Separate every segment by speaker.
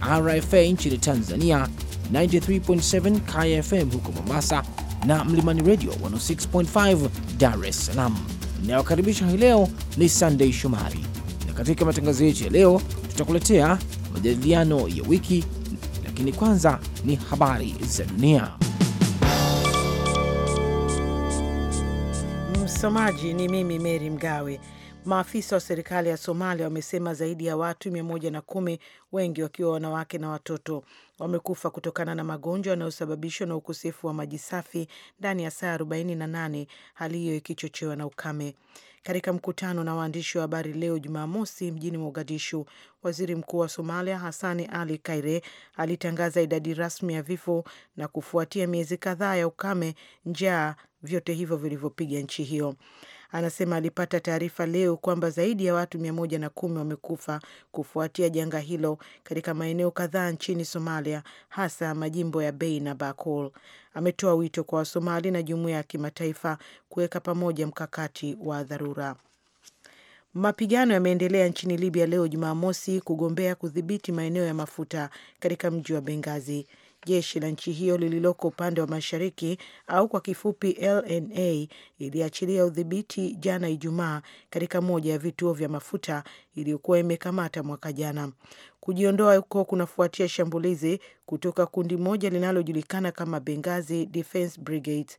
Speaker 1: RFA nchini Tanzania 93.7 Kaya FM huko Mombasa na Mlimani Radio 106.5 Dar es Salaam. Inayokaribisha hii leo ni Sunday Shomari, na katika matangazo yetu ya leo tutakuletea majadiliano ya wiki, lakini kwanza ni habari za dunia.
Speaker 2: Msomaji ni mimi Mary Mgawe. Maafisa wa serikali ya Somalia wamesema zaidi ya watu mia moja na kumi, wengi wakiwa wanawake na watoto, wamekufa kutokana na magonjwa yanayosababishwa na ukosefu wa maji safi ndani ya saa 48, hali hiyo ikichochewa na ukame. Katika mkutano na waandishi wa habari leo Jumamosi mjini Mogadishu, waziri mkuu wa Somalia Hasani Ali Kaire alitangaza idadi rasmi ya vifo, na kufuatia miezi kadhaa ya ukame, njaa, vyote hivyo vilivyopiga nchi hiyo anasema alipata taarifa leo kwamba zaidi ya watu mia moja na kumi wamekufa kufuatia janga hilo katika maeneo kadhaa nchini Somalia, hasa majimbo ya Bay na Bakool. Ametoa wito kwa Wasomali na jumuiya ya kimataifa kuweka pamoja mkakati wa dharura. Mapigano yameendelea nchini Libya leo Jumamosi kugombea kudhibiti maeneo ya mafuta katika mji wa Bengazi jeshi la nchi hiyo lililoko upande wa mashariki au kwa kifupi LNA iliachilia udhibiti jana Ijumaa katika moja ya vituo vya mafuta iliyokuwa imekamata mwaka jana. Kujiondoa huko kunafuatia shambulizi kutoka kundi moja linalojulikana kama Benghazi Defense Brigade.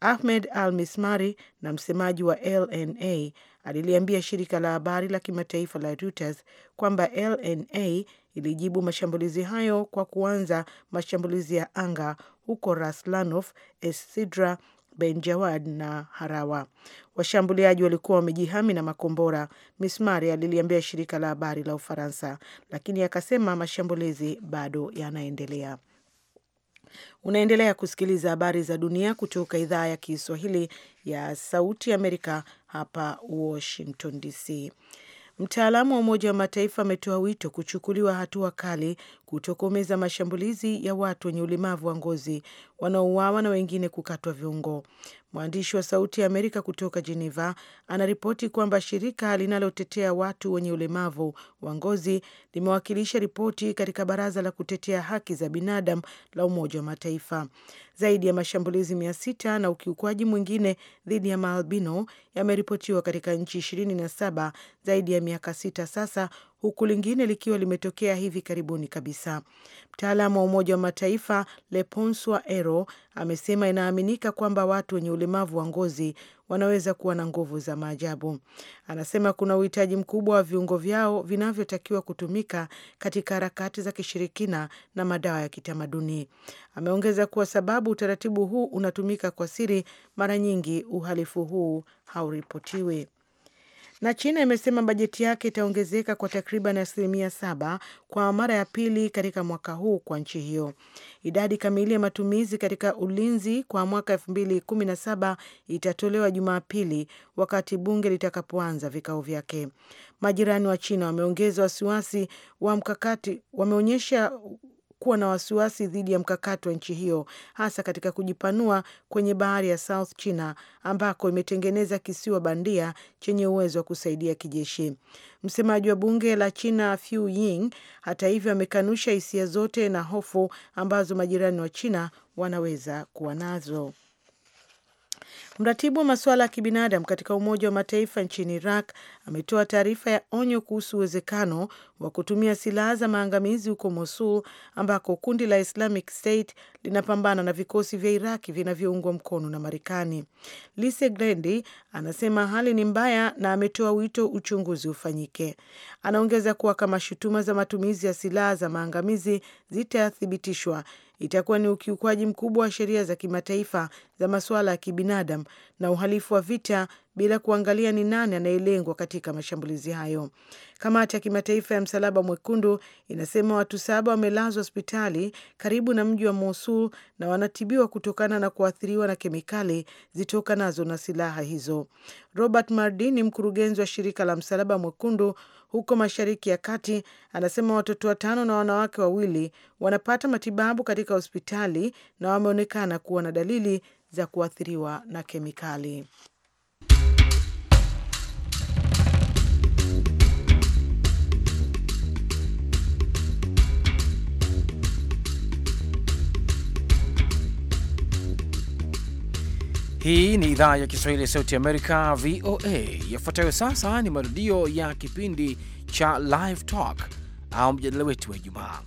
Speaker 2: Ahmed Al Mismari na msemaji wa LNA aliliambia shirika la habari la kimataifa la Reuters kwamba LNA ilijibu mashambulizi hayo kwa kuanza mashambulizi ya anga huko Raslanof, Essidra, Benjawad na Harawa. Washambuliaji walikuwa wamejihami na makombora, Mismari aliliambia shirika la habari la Ufaransa, lakini akasema mashambulizi bado yanaendelea. Unaendelea kusikiliza habari za dunia kutoka idhaa ya Kiswahili ya Sauti Amerika hapa Washington DC. Mtaalamu wa Umoja wa Mataifa ametoa wito kuchukuliwa hatua kali kutokomeza mashambulizi ya watu wenye ulemavu wa ngozi wanaouawa na wengine kukatwa viungo. Mwandishi wa Sauti ya Amerika kutoka Geneva anaripoti kwamba shirika linalotetea watu wenye ulemavu wa ngozi limewakilisha ripoti katika Baraza la Kutetea Haki za Binadamu la Umoja wa Mataifa. Zaidi ya mashambulizi mia sita na ukiukwaji mwingine dhidi ya maalbino yameripotiwa katika nchi saba zaidi ya miaka sita sasa, huku lingine likiwa limetokea hivi karibuni kabisa. Mtaalamu wa Umoja wa Mataifa Leponswa Ero amesema inaaminika kwamba watu wenye ulemavu wa ngozi wanaweza kuwa na nguvu za maajabu. Anasema kuna uhitaji mkubwa wa viungo vyao vinavyotakiwa kutumika katika harakati za kishirikina na madawa ya kitamaduni. Ameongeza kuwa sababu utaratibu huu unatumika kwa siri, mara nyingi uhalifu huu hauripotiwi. Na China imesema bajeti yake itaongezeka kwa takriban asilimia saba kwa mara ya pili katika mwaka huu kwa nchi hiyo. Idadi kamili ya matumizi katika ulinzi kwa mwaka elfu mbili kumi na saba itatolewa Jumapili wakati bunge litakapoanza vikao vyake. Majirani wa China wameongeza wasiwasi wa mkakati, wameonyesha kuwa na wasiwasi dhidi ya mkakati wa nchi hiyo hasa katika kujipanua kwenye bahari ya South China ambako imetengeneza kisiwa bandia chenye uwezo wa kusaidia kijeshi. Msemaji wa bunge la China Fu Ying, hata hivyo, amekanusha hisia zote na hofu ambazo majirani wa China wanaweza kuwa nazo. Mratibu wa masuala ya kibinadamu katika Umoja wa Mataifa nchini Iraq ametoa taarifa ya onyo kuhusu uwezekano wa kutumia silaha za maangamizi huko Mosul, ambako kundi la Islamic State linapambana na vikosi vya Iraki vinavyoungwa mkono na Marekani. Lise Grendi anasema hali ni mbaya na ametoa wito uchunguzi ufanyike. Anaongeza kuwa kama shutuma za matumizi ya silaha za maangamizi zitathibitishwa, itakuwa ni ukiukwaji mkubwa wa sheria za kimataifa za masuala ya kibinadamu na uhalifu wa vita bila kuangalia ni nani anayelengwa katika mashambulizi hayo. Kamati ya kimataifa ya Msalaba Mwekundu inasema watu saba wamelazwa hospitali karibu na mji wa Mosul na wanatibiwa kutokana na kuathiriwa na kemikali zitokanazo na silaha hizo. Robert Mardi ni mkurugenzi wa shirika la Msalaba Mwekundu huko Mashariki ya Kati, anasema watoto watano na wanawake wawili wanapata matibabu katika hospitali na wameonekana kuwa na dalili za kuathiriwa na kemikali.
Speaker 1: Hii ni idhaa ya Kiswahili ya Sauti Amerika, VOA. Yafuatayo sasa ni marudio ya kipindi cha Live Talk au mjadala wetu wa Ijumaa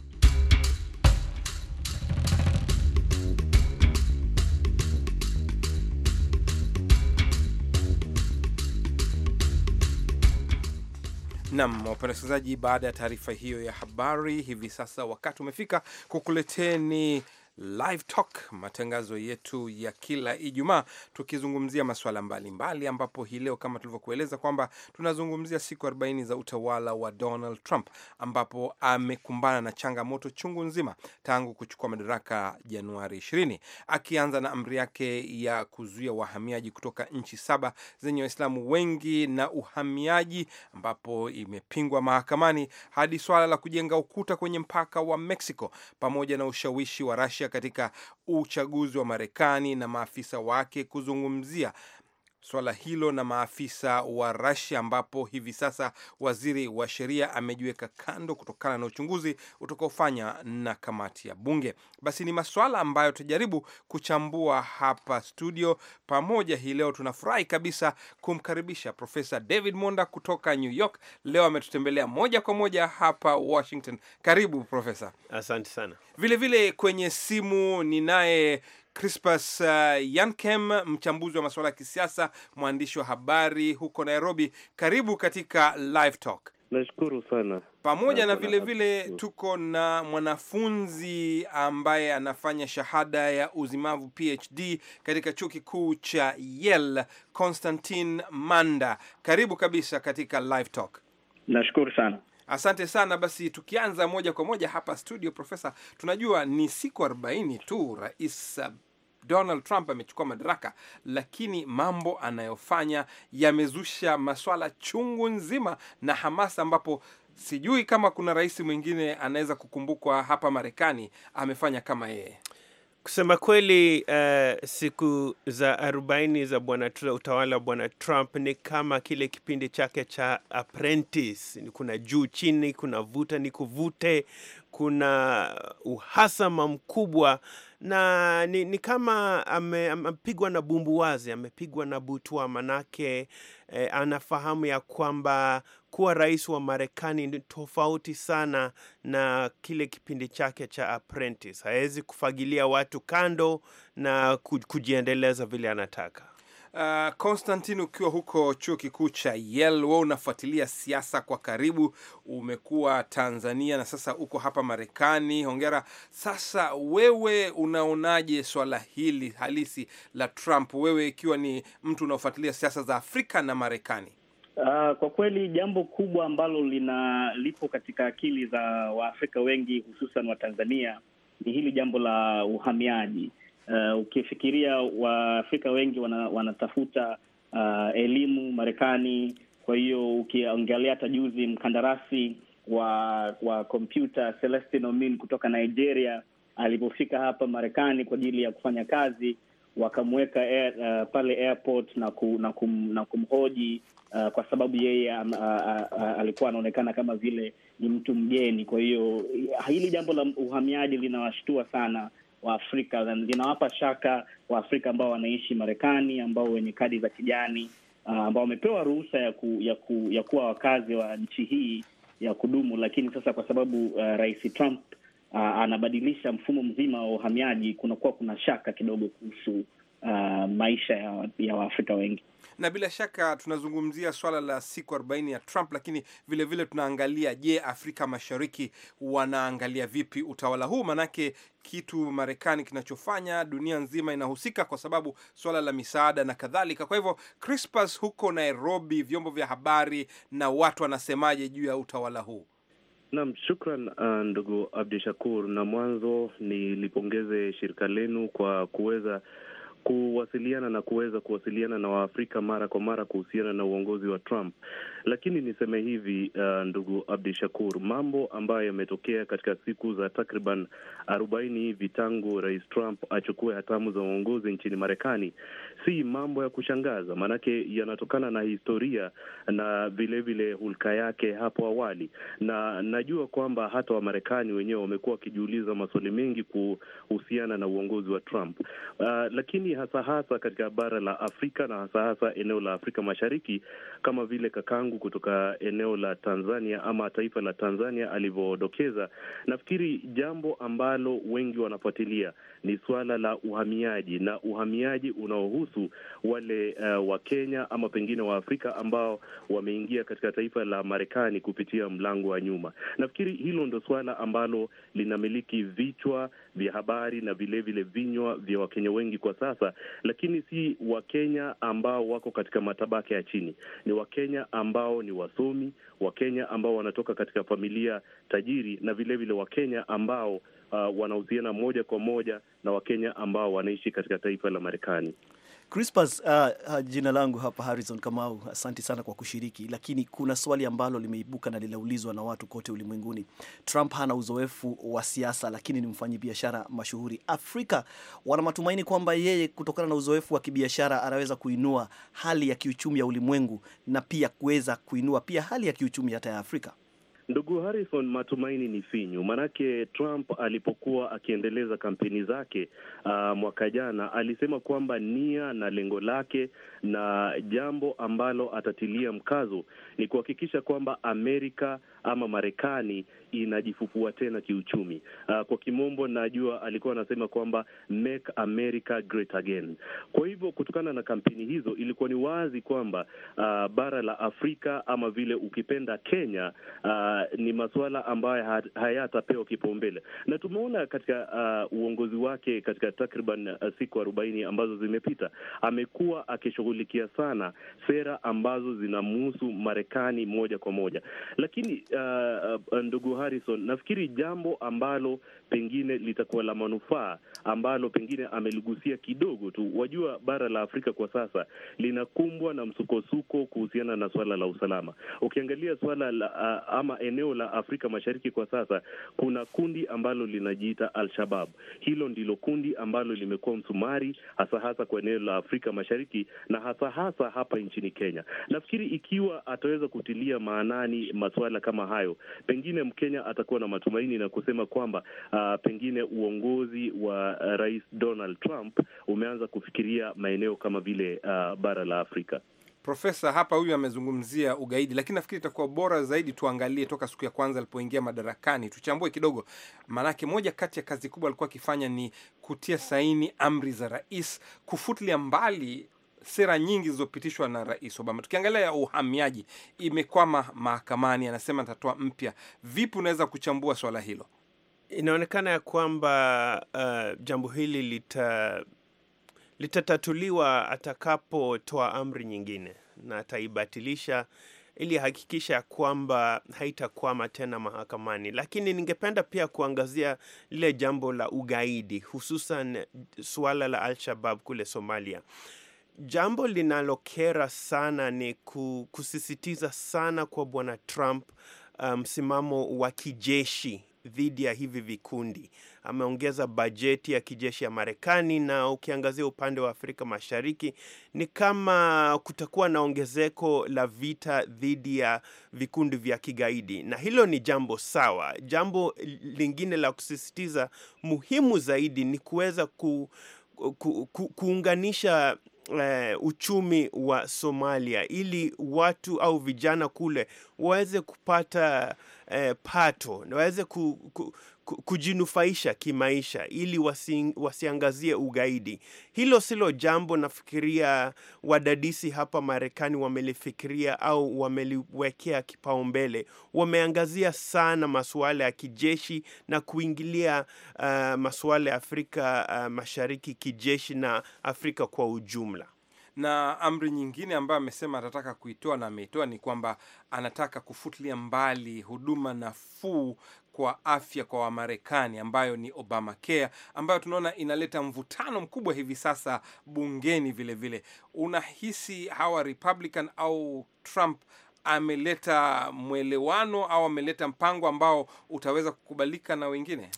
Speaker 3: Nam wapenda wasikilizaji, baada ya taarifa hiyo ya habari, hivi sasa wakati umefika kukuleteni Live Talk, matangazo yetu ya kila Ijumaa tukizungumzia masuala mbalimbali ambapo hii leo kama tulivyokueleza kwamba tunazungumzia siku 40 za utawala wa Donald Trump ambapo amekumbana na changamoto chungu nzima tangu kuchukua madaraka Januari 20, akianza na amri yake ya kuzuia wahamiaji kutoka nchi saba zenye Waislamu wengi na uhamiaji, ambapo imepingwa mahakamani hadi swala la kujenga ukuta kwenye mpaka wa Mexico pamoja na ushawishi wa Russia katika uchaguzi wa Marekani na maafisa wake kuzungumzia swala hilo na maafisa wa Rasia, ambapo hivi sasa waziri wa sheria amejiweka kando kutokana na uchunguzi utakaofanya na kamati ya bunge. Basi ni maswala ambayo tutajaribu kuchambua hapa studio pamoja hii leo. Tunafurahi kabisa kumkaribisha Profesa David Monda kutoka New York. Leo ametutembelea moja kwa moja hapa Washington. Karibu Profesa. Asante sana. Vilevile vile kwenye simu ninaye Crispas uh, Yankem, mchambuzi wa masuala ya kisiasa, mwandishi wa habari huko Nairobi. Karibu katika Live Talk.
Speaker 4: Nashukuru sana pamoja na vile vile
Speaker 3: tuko na mwanafunzi ambaye anafanya shahada ya uzimavu PhD katika chuo kikuu cha Yale, Constantine Manda. Karibu kabisa katika Live Talk.
Speaker 5: Nashukuru sana.
Speaker 3: Asante sana. Basi tukianza moja kwa moja hapa studio, Profesa, tunajua ni siku arobaini tu rais Donald Trump amechukua madaraka, lakini mambo anayofanya yamezusha maswala chungu nzima na hamasa, ambapo sijui kama kuna rais mwingine anaweza kukumbukwa hapa Marekani amefanya kama yeye.
Speaker 6: Kusema kweli uh, siku za arobaini za bwana utawala wa bwana Trump ni kama kile kipindi chake cha Apprentice. Kuna juu chini, kuna vuta ni kuvute, kuna uhasama mkubwa na ni, ni kama amepigwa ame na wazi amepigwa na butwa, manake eh, anafahamu ya kwamba kuwa rais wa Marekani ni tofauti sana na kile kipindi chake cha Apprentice. Hawezi kufagilia watu kando na kujiendeleza vile
Speaker 3: anataka. Uh, Konstantin, ukiwa huko chuo kikuu cha Yale, wewe unafuatilia siasa kwa karibu, umekuwa Tanzania na sasa uko hapa Marekani. Hongera. Sasa wewe unaonaje swala hili halisi la Trump, wewe ikiwa ni mtu unaofuatilia siasa za Afrika na Marekani?
Speaker 5: Uh, kwa kweli jambo kubwa ambalo lina lipo katika akili za Waafrika wengi hususan wa Tanzania ni hili jambo la uhamiaji Uh, ukifikiria Waafrika wengi wana, wanatafuta uh, elimu Marekani. Kwa hiyo ukiangalia hata juzi mkandarasi wa wa kompyuta Celestine Omin kutoka Nigeria alipofika hapa Marekani kwa ajili ya kufanya kazi wakamweka air, uh, pale airport na, ku, na, kum, na kumhoji uh, kwa sababu yeye uh, uh, uh, alikuwa anaonekana kama vile ni mtu mgeni. Kwa hiyo hili jambo la uhamiaji linawashtua sana Waafrika zinawapa shaka Waafrika ambao wanaishi Marekani, ambao wenye kadi za kijani uh, ambao wamepewa ruhusa ya, ku, ya, ku, ya kuwa wakazi wa nchi hii ya kudumu, lakini sasa kwa sababu uh, Rais Trump uh, anabadilisha mfumo mzima wa uhamiaji, kunakuwa kuna shaka kidogo kuhusu uh, maisha ya, ya Waafrika wengi
Speaker 3: na bila shaka tunazungumzia swala la siku arobaini ya Trump, lakini vilevile vile tunaangalia, je, Afrika Mashariki wanaangalia vipi utawala huu? maanake kitu Marekani kinachofanya dunia nzima inahusika, kwa sababu swala la misaada na kadhalika. Kwa hivyo, Crispas, huko Nairobi, vyombo vya habari na watu wanasemaje juu ya utawala huu?
Speaker 4: Naam, shukran uh, ndugu Abdu Shakur, na mwanzo nilipongeze shirika lenu kwa kuweza kuwasiliana na kuweza kuwasiliana na Waafrika mara kwa mara kuhusiana na uongozi wa Trump. Lakini niseme hivi, uh, ndugu Abdi Shakur, mambo ambayo yametokea katika siku za takriban arobaini hivi tangu Rais Trump achukue hatamu za uongozi nchini Marekani si mambo ya kushangaza, maanake yanatokana na historia na vilevile hulka yake hapo awali, na najua kwamba hata Wamarekani wenyewe wamekuwa wakijiuliza maswali mengi kuhusiana na uongozi wa Trump uh, lakini lakini hasa hasa katika bara la Afrika na hasa hasa eneo la Afrika Mashariki, kama vile kakangu kutoka eneo la Tanzania ama taifa la Tanzania alivyodokeza, nafikiri jambo ambalo wengi wanafuatilia ni suala la uhamiaji na uhamiaji unaohusu wale uh, kenya ama pengine wa afrika ambao wameingia katika taifa la Marekani kupitia mlango wa nyuma. Nafikiri hilo ndo suala ambalo linamiliki vichwa vya habari na vilevile vile vinywa vya Wakenya wengi kwa sasa, lakini si Wakenya ambao wako katika matabaka ya chini. Ni Wakenya ambao ni wasomi, Wakenya ambao wanatoka katika familia tajiri na vilevile vile Wakenya ambao uh, wanahusiana moja kwa moja na Wakenya ambao wanaishi katika taifa la Marekani.
Speaker 7: Crispas, uh, uh, jina langu hapa Harrison Kamau. Asante sana kwa kushiriki, lakini kuna swali ambalo limeibuka na linaulizwa na watu kote ulimwenguni. Trump hana uzoefu wa siasa, lakini ni mfanyabiashara mashuhuri. Afrika wana matumaini kwamba yeye, kutokana na uzoefu wa kibiashara, anaweza kuinua hali ya kiuchumi ya ulimwengu na pia kuweza kuinua pia hali ya kiuchumi hata ya Afrika.
Speaker 4: Ndugu Harrison, matumaini ni finyu, maanake Trump alipokuwa akiendeleza kampeni zake uh, mwaka jana alisema kwamba nia na lengo lake na jambo ambalo atatilia mkazo ni kuhakikisha kwamba Amerika ama Marekani inajifufua tena kiuchumi. Uh, kwa kimombo najua alikuwa anasema kwamba make America great again. Kwa hivyo kutokana na kampeni hizo ilikuwa ni wazi kwamba uh, bara la Afrika ama vile ukipenda Kenya uh, ni masuala ambayo hayatapewa kipaumbele, na tumeona katika uh, uongozi wake katika takriban uh, siku arobaini ambazo zimepita amekuwa akishughulikia sana sera ambazo zinamuhusu Marekani moja kwa moja, lakini Uh, uh, ndugu Harrison, nafikiri jambo ambalo pengine litakuwa la manufaa ambalo pengine ameligusia kidogo tu. Wajua, bara la Afrika kwa sasa linakumbwa na msukosuko kuhusiana na swala la usalama. Ukiangalia swala la ama eneo la Afrika Mashariki kwa sasa, kuna kundi ambalo linajiita Al-Shabab. Hilo ndilo kundi ambalo limekuwa msumari hasa hasa kwa eneo la Afrika Mashariki na hasa hasa hapa nchini Kenya. Nafikiri ikiwa ataweza kutilia maanani masuala kama hayo, pengine Mkenya atakuwa na matumaini na kusema kwamba uh, uh, pengine uongozi wa ah, Rais Donald Trump umeanza kufikiria maeneo kama vile uh, bara la Afrika.
Speaker 3: Profesa hapa huyu amezungumzia ugaidi, lakini nafikiri itakuwa bora zaidi tuangalie toka siku ya kwanza alipoingia madarakani, tuchambue kidogo, maanake moja kati ya kazi kubwa alikuwa akifanya ni kutia saini amri za rais, kufutilia mbali sera nyingi zilizopitishwa na rais Obama. Tukiangalia ya uhamiaji, imekwama mahakamani, anasema atatoa mpya. Vipi unaweza kuchambua swala hilo? inaonekana ya kwamba uh, jambo hili lita litatatuliwa
Speaker 6: atakapotoa amri nyingine na ataibatilisha ili hakikisha ya kwamba haitakwama tena mahakamani. Lakini ningependa pia kuangazia lile jambo la ugaidi, hususan suala la alshabab kule Somalia. Jambo linalokera sana ni kusisitiza sana kwa Bwana Trump uh, msimamo um, wa kijeshi dhidi ya hivi vikundi. Ameongeza bajeti ya kijeshi ya Marekani, na ukiangazia upande wa Afrika Mashariki ni kama kutakuwa na ongezeko la vita dhidi ya vikundi vya kigaidi, na hilo ni jambo sawa. Jambo lingine la kusisitiza muhimu zaidi ni kuweza ku, ku, ku, kuunganisha eh, uchumi wa Somalia ili watu au vijana kule waweze kupata eh, pato na waweze ku, ku, kujinufaisha kimaisha ili wasi, wasiangazie ugaidi. Hilo silo jambo nafikiria wadadisi hapa Marekani wamelifikiria au wameliwekea kipaumbele. Wameangazia sana masuala ya kijeshi na kuingilia
Speaker 3: uh, masuala ya Afrika uh, Mashariki kijeshi na Afrika kwa ujumla na amri nyingine ambayo amesema atataka kuitoa na ameitoa ni kwamba anataka kufutilia mbali huduma nafuu kwa afya kwa Wamarekani ambayo ni Obamacare, ambayo tunaona inaleta mvutano mkubwa hivi sasa bungeni vilevile vile. Unahisi hawa Republican au Trump ameleta mwelewano au ameleta mpango ambao utaweza kukubalika na wengine?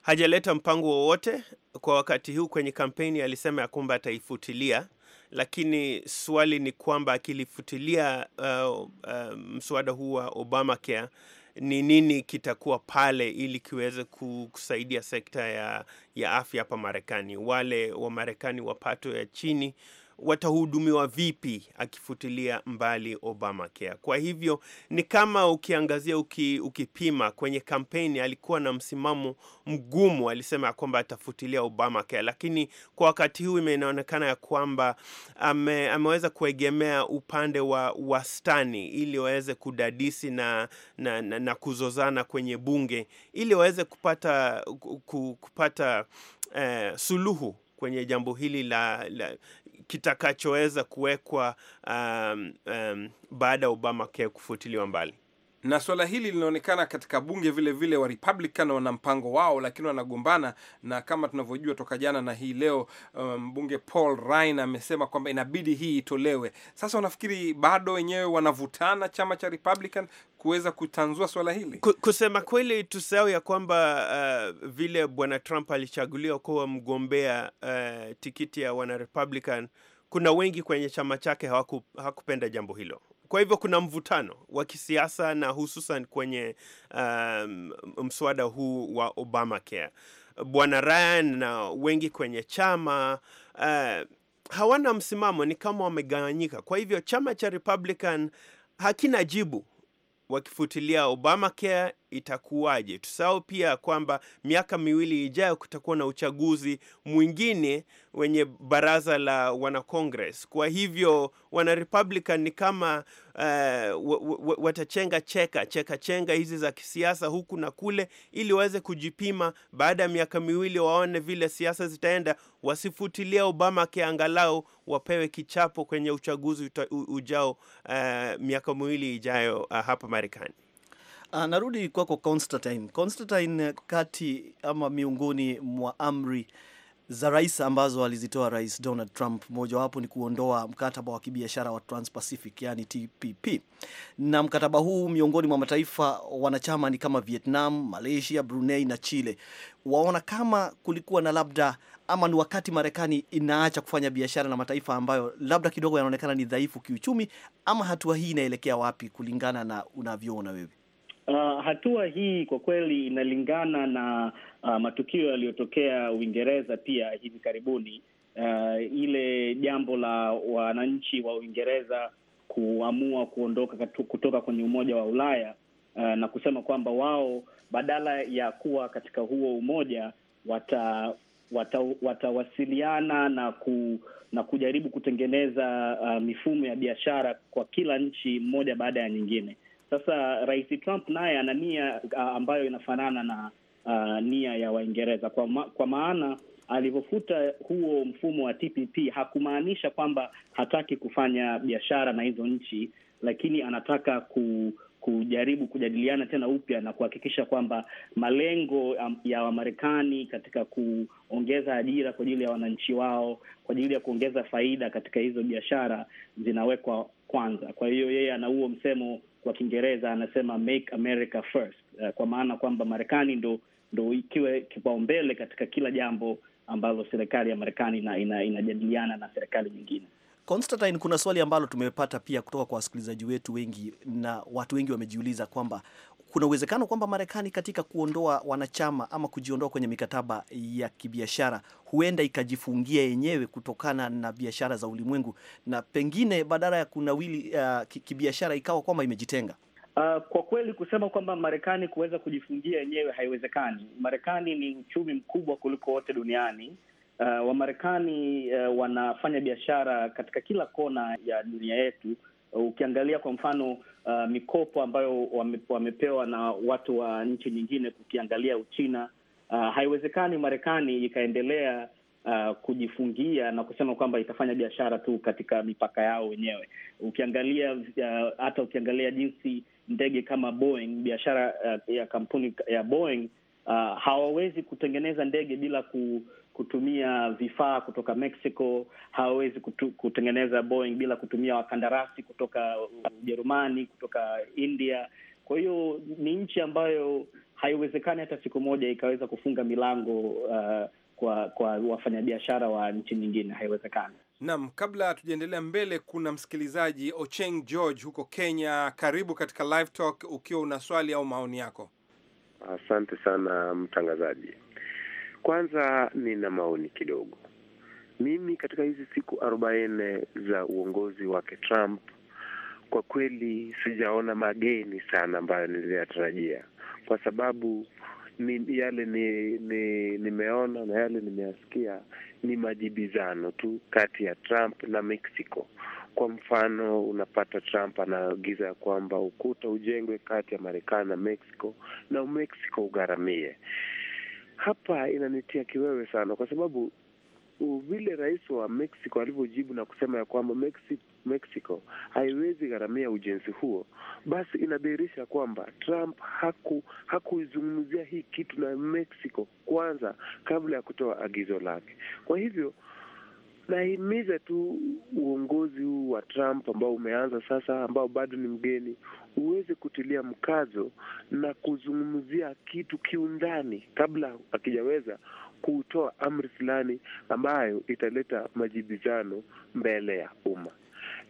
Speaker 6: Hajaleta mpango wowote kwa wakati huu. Kwenye kampeni alisema ya kwamba ataifutilia, lakini swali ni kwamba akilifutilia uh, uh, mswada huu wa Obamacare ni nini kitakuwa pale ili kiweze kusaidia sekta ya, ya afya hapa Marekani. Wale wa Marekani wa ya chini watahudumiwa vipi, akifutilia mbali Obamacare. Kwa hivyo ni kama ukiangazia uki, ukipima kwenye kampeni, alikuwa na msimamo mgumu, alisema ya kwamba atafutilia Obamacare, lakini kwa wakati huu inaonekana ya kwamba ame, ameweza kuegemea upande wa wastani ili waweze kudadisi na, na, na, na kuzozana kwenye bunge ili waweze kupata kupata eh, suluhu kwenye jambo hili la, la, kitakachoweza kuwekwa um, um, baada ya Obama kufutiliwa mbali
Speaker 3: na suala hili linaonekana katika bunge vile vile, wa Republican wana mpango wao, lakini wanagombana, na kama tunavyojua toka jana na hii leo, um, mbunge um, Paul Ryan amesema kwamba inabidi hii itolewe. Sasa wanafikiri bado wenyewe wanavutana, chama cha Republican kuweza kutanzua swala hili. Kusema kweli, tusahau
Speaker 6: ya kwamba uh, vile bwana Trump alichaguliwa kuwa mgombea uh, tikiti ya wana Republican, kuna wengi kwenye chama chake hawakupenda jambo hilo kwa hivyo kuna mvutano wa kisiasa na hususan kwenye um, mswada huu wa Obamacare. Bwana Ryan na wengi kwenye chama uh, hawana msimamo, ni kama wamegawanyika. Kwa hivyo chama cha Republican hakina jibu wakifutilia Obamacare itakuwaje. Tusahau pia kwamba miaka miwili ijayo kutakuwa na uchaguzi mwingine wenye baraza la wanakongress. Kwa hivyo wana Republican ni kama uh, watachenga cheka cheka chenga hizi za kisiasa huku na kule, ili waweze kujipima baada ya miaka miwili, waone vile siasa zitaenda, wasifutilia Obama kiangalau wapewe kichapo kwenye uchaguzi ujao uh, miaka miwili ijayo uh, hapa
Speaker 7: Marekani. Uh, narudi kwako Constantine. Constantine, kati ama miongoni mwa amri za rais ambazo alizitoa Rais Donald Trump, mojawapo ni kuondoa mkataba wa kibiashara wa Trans-Pacific, yani TPP. Na mkataba huu miongoni mwa mataifa wanachama ni kama Vietnam, Malaysia, Brunei na Chile. Waona kama kulikuwa na labda ama ni wakati Marekani inaacha kufanya biashara na mataifa ambayo labda kidogo yanaonekana ni dhaifu kiuchumi, ama hatua hii inaelekea wapi kulingana na unavyoona wewe?
Speaker 5: Uh, hatua hii kwa kweli inalingana na uh, matukio yaliyotokea Uingereza pia hivi karibuni, uh, ile jambo la wananchi wa Uingereza kuamua kuondoka kutoka kwenye Umoja wa Ulaya uh, na kusema kwamba wao badala ya kuwa katika huo umoja wata watawasiliana wata na ku, na kujaribu kutengeneza uh, mifumo ya biashara kwa kila nchi mmoja baada ya nyingine. Sasa Rais Trump naye ana nia ambayo inafanana na uh, nia ya Waingereza kwa, ma, kwa maana alivyofuta huo mfumo wa TPP hakumaanisha kwamba hataki kufanya biashara na hizo nchi, lakini anataka ku, kujaribu kujadiliana tena upya na kuhakikisha kwamba malengo ya Wamarekani katika kuongeza ajira kwa ajili ya wananchi wao, kwa ajili ya kuongeza faida katika hizo biashara zinawekwa kwanza. Kwa hiyo yeye ana huo msemo kwa Kiingereza anasema make America first, uh, kwa maana kwamba Marekani ndo ndo ikiwe kipaumbele katika kila jambo ambalo serikali ya Marekani inajadiliana na serikali nyingine.
Speaker 7: Constantine, kuna swali ambalo tumepata pia kutoka kwa wasikilizaji wetu wengi na watu wengi wamejiuliza kwamba kuna uwezekano kwamba Marekani katika kuondoa wanachama ama kujiondoa kwenye mikataba ya kibiashara huenda ikajifungia yenyewe kutokana na biashara za ulimwengu na pengine badala ya kunawili uh, kibiashara ikawa kwamba imejitenga.
Speaker 5: Uh, kwa kweli kusema kwamba Marekani kuweza kujifungia yenyewe haiwezekani. Marekani ni uchumi mkubwa kuliko wote duniani. Uh, Wamarekani uh, wanafanya biashara katika kila kona ya dunia yetu. Uh, ukiangalia kwa mfano uh, mikopo ambayo wame, wamepewa na watu wa nchi nyingine. kukiangalia Uchina, uh, haiwezekani Marekani ikaendelea Uh, kujifungia na kusema kwamba itafanya biashara tu katika mipaka yao wenyewe. Ukiangalia uh, hata uh, ukiangalia jinsi ndege kama Boeing, biashara uh, ya kampuni ya Boeing uh, hawawezi kutengeneza ndege bila ku, kutumia vifaa kutoka Mexico, hawawezi kutu, kutengeneza Boeing bila kutumia wakandarasi kutoka Ujerumani, kutoka India. Kwa hiyo ni nchi ambayo haiwezekani hata siku moja ikaweza kufunga milango uh, kwa kwa wafanyabiashara wa nchi nyingine, haiwezekani.
Speaker 3: Naam, kabla tujaendelea mbele, kuna msikilizaji Ocheng George huko Kenya. Karibu katika Live Talk ukiwa una swali au maoni yako.
Speaker 8: Asante sana mtangazaji. Kwanza nina maoni kidogo.
Speaker 3: Mimi katika
Speaker 8: hizi siku arobaini za uongozi wake Trump, kwa kweli sijaona mageni sana ambayo niliyatarajia, kwa sababu ni yale ni, ni, nimeona na yale nimeyasikia ni majibizano tu kati ya Trump na Mexico. Kwa mfano, unapata Trump anaagiza ya kwamba ukuta ujengwe kati ya Marekani na Mexico na Mexico ugharamie hapa inanitia kiwewe sana, kwa sababu vile rais wa Mexico alivyojibu na kusema ya kwamba Mexico, haiwezi gharamia ujenzi huo, basi inadhihirisha kwamba Trump hakuizungumzia haku hii kitu na Mexico kwanza kabla ya kutoa agizo lake. Kwa hivyo nahimiza tu uongozi huu wa Trump ambao umeanza sasa, ambao bado ni mgeni, uweze kutilia mkazo na kuzungumzia kitu kiundani kabla akijaweza kutoa amri fulani ambayo italeta majibizano mbele ya umma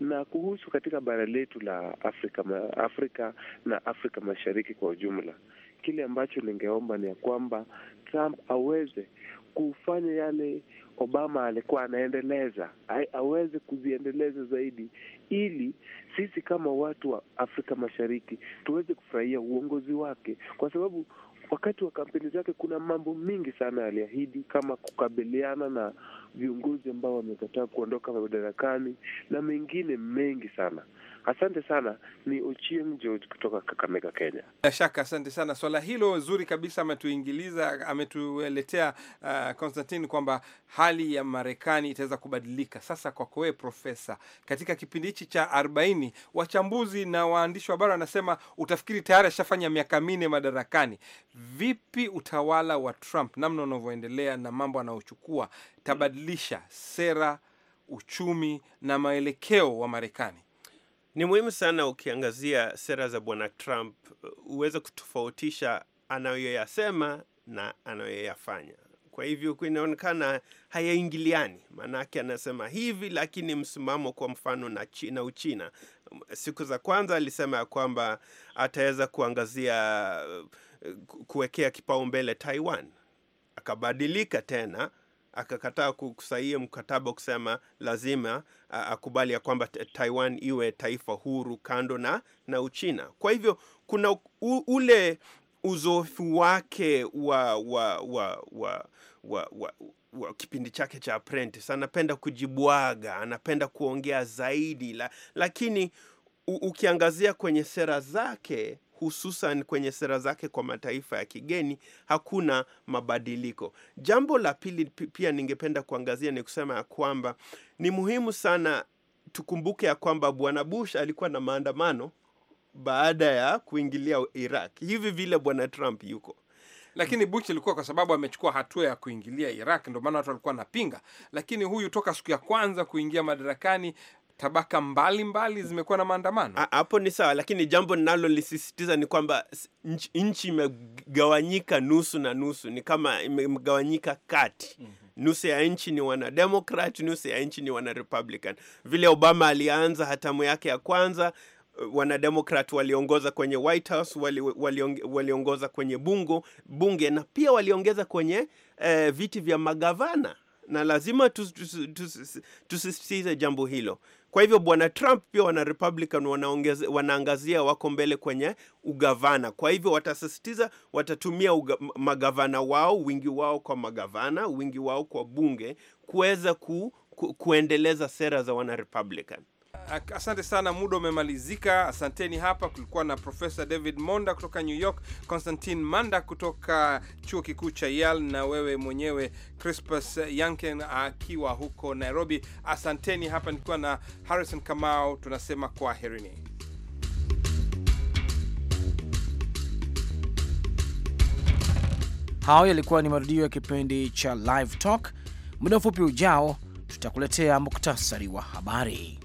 Speaker 8: na kuhusu katika bara letu la Afrika, Afrika na Afrika Mashariki kwa ujumla, kile ambacho ningeomba ni ya kwamba Trump aweze kufanya yale Obama alikuwa anaendeleza, aweze kuziendeleza zaidi, ili sisi kama watu wa Afrika Mashariki tuweze kufurahia uongozi wake, kwa sababu wakati wa kampeni zake kuna mambo mingi sana aliahidi, kama kukabiliana na viongozi ambao wamekataa kuondoka madarakani na mengine mengi sana. Asante sana, ni Ochieng George kutoka Kakamega, Kenya.
Speaker 3: Bila shaka, asante sana. Swala hilo zuri kabisa, ametuingiliza ametueletea Konstantin uh, kwamba hali ya Marekani itaweza kubadilika. Sasa kwako wewe profesa, katika kipindi hichi cha arobaini, wachambuzi na waandishi wa habari wanasema utafikiri tayari ashafanya miaka minne madarakani. Vipi utawala wa Trump, namna unavyoendelea na mambo anayochukua, tabadilisha sera, uchumi na maelekeo wa Marekani? Ni muhimu sana ukiangazia sera za bwana Trump
Speaker 6: uweze kutofautisha anayoyasema na anayoyafanya. Kwa hivyo inaonekana hayaingiliani, maanaake anasema hivi, lakini msimamo kwa mfano na China, Uchina, siku za kwanza alisema ya kwamba ataweza kuangazia kuwekea kipaumbele Taiwan, akabadilika tena akakataa kusahia mkataba kusema lazima akubali ya kwamba Taiwan iwe taifa huru kando na, na Uchina. Kwa hivyo kuna u, ule uzoefu wake wa, wa, wa, wa, wa, wa wa kipindi chake cha Apprentice anapenda kujibwaga, anapenda kuongea zaidi la, lakini u, ukiangazia kwenye sera zake hususan kwenye sera zake kwa mataifa ya kigeni, hakuna mabadiliko. Jambo la pili pia ningependa kuangazia ni kusema ya kwamba ni muhimu sana tukumbuke ya kwamba Bwana Bush alikuwa na maandamano baada ya kuingilia
Speaker 3: Iraq, hivi vile Bwana Trump yuko lakini Bush ilikuwa kwa sababu amechukua hatua ya kuingilia Iraq, ndio maana watu walikuwa wanapinga. Lakini huyu toka siku ya kwanza kuingia madarakani tabaka mbalimbali zimekuwa na maandamano. Hapo ni sawa, lakini jambo linalolisisitiza
Speaker 6: ni kwamba nchi imegawanyika nusu na nusu, ni kama imegawanyika kati mm -hmm. Nusu ya nchi ni wanademokrat, nusu ya nchi ni wanarepublican. Vile Obama alianza hatamu yake ya kwanza Wanademokrat waliongoza kwenye White House, wali, wali, waliongoza kwenye bungo, bunge na pia waliongeza kwenye eh, viti vya magavana, na lazima tusisitize tus, tus, tus, jambo hilo. Kwa hivyo bwana Trump pia wana Republican wanaangazia wako mbele kwenye ugavana. Kwa hivyo watasisitiza, watatumia uga, magavana wao, wingi wao kwa magavana, wingi wao kwa bunge kuweza ku, ku, kuendeleza sera za wana Republican.
Speaker 3: Asante sana, muda umemalizika. Asanteni. Hapa kulikuwa na Profesa David Monda kutoka New York, Constantin Manda kutoka chuo kikuu cha Yale na wewe mwenyewe Crispus Yanken akiwa huko Nairobi. Asanteni. Hapa nikiwa na Harrison Kamau, tunasema kwa herini.
Speaker 1: Hayo yalikuwa ni marudio ya kipindi cha Live Talk. Muda mfupi ujao, tutakuletea muktasari wa habari.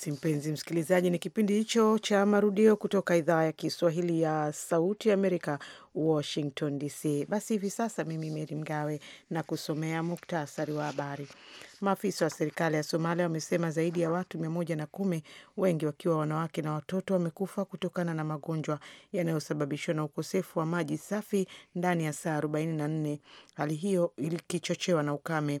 Speaker 2: basi mpenzi msikilizaji, ni kipindi hicho cha marudio kutoka idhaa ya Kiswahili ya Sauti ya Amerika, Washington DC. Basi hivi sasa mimi Meri Mgawe na kusomea muktasari wa habari. Maafisa wa serikali ya Somalia wamesema zaidi ya watu mia moja na kumi, wengi wakiwa wanawake na watoto, wamekufa kutokana na magonjwa yanayosababishwa na ukosefu wa maji safi ndani ya saa 44, hali hiyo ikichochewa na ukame.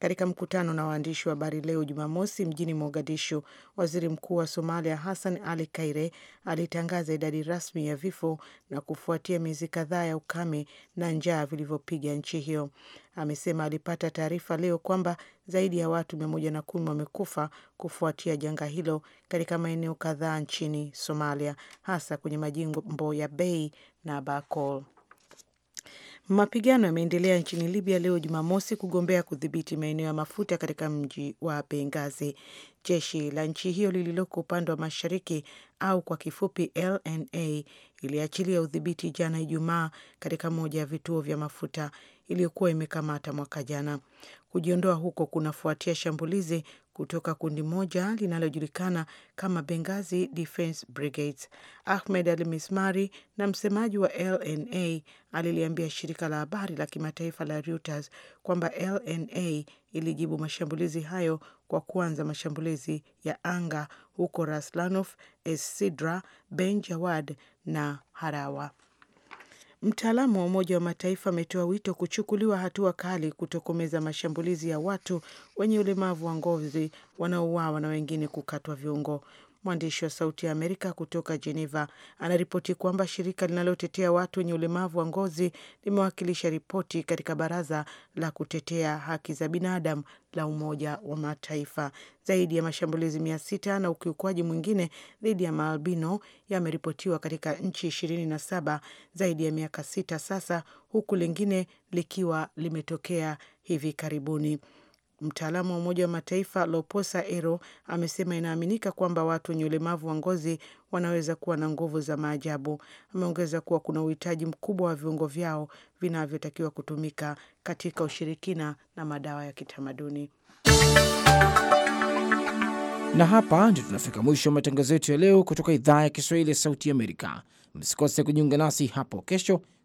Speaker 2: Katika mkutano na waandishi wa habari leo Jumamosi mjini Mogadishu, waziri mkuu wa Somalia Hassan Ali Kaire alitangaza idadi rasmi ya vifo na kufuatia miezi kadhaa ya ukame na njaa vilivyopiga nchi hiyo. Amesema alipata taarifa leo kwamba zaidi ya watu mia moja na kumi wamekufa kufuatia janga hilo katika maeneo kadhaa nchini Somalia, hasa kwenye majimbo ya Bay na Bakool. Mapigano yameendelea nchini Libya leo Jumamosi kugombea kudhibiti maeneo ya mafuta katika mji wa Bengazi. Jeshi la nchi hiyo lililoko upande wa mashariki au kwa kifupi LNA iliachilia udhibiti jana Ijumaa katika moja ya vituo vya mafuta iliyokuwa imekamata mwaka jana. Kujiondoa huko kunafuatia shambulizi kutoka kundi moja linalojulikana kama Benghazi Defense Brigades. Ahmed Al Mismari na msemaji wa LNA aliliambia shirika la habari la kimataifa la Reuters kwamba LNA ilijibu mashambulizi hayo kwa kuanza mashambulizi ya anga huko Raslanof, essidra Ben Jawad na Harawa. Mtaalamu wa Umoja wa Mataifa ametoa wito kuchukuliwa hatua kali kutokomeza mashambulizi ya watu wenye ulemavu wa ngozi wanaouawa na wengine kukatwa viungo. Mwandishi wa Sauti ya Amerika kutoka Geneva anaripoti kwamba shirika linalotetea watu wenye ulemavu wa ngozi limewakilisha ripoti katika baraza la kutetea haki za binadamu la Umoja wa Mataifa. Zaidi ya mashambulizi mia sita na ukiukwaji mwingine dhidi ya maalbino yameripotiwa katika nchi ishirini na saba zaidi ya miaka sita sasa, huku lingine likiwa limetokea hivi karibuni. Mtaalamu wa Umoja wa Mataifa Loposa Ero amesema inaaminika kwamba watu wenye ulemavu wa ngozi wanaweza kuwa na nguvu za maajabu. Ameongeza kuwa kuna uhitaji mkubwa wa viungo vyao vinavyotakiwa kutumika katika ushirikina na madawa ya kitamaduni.
Speaker 1: Na hapa ndio tunafika mwisho wa matangazo yetu ya leo kutoka idhaa ya Kiswahili ya Sauti Amerika. Msikose kujiunga nasi hapo kesho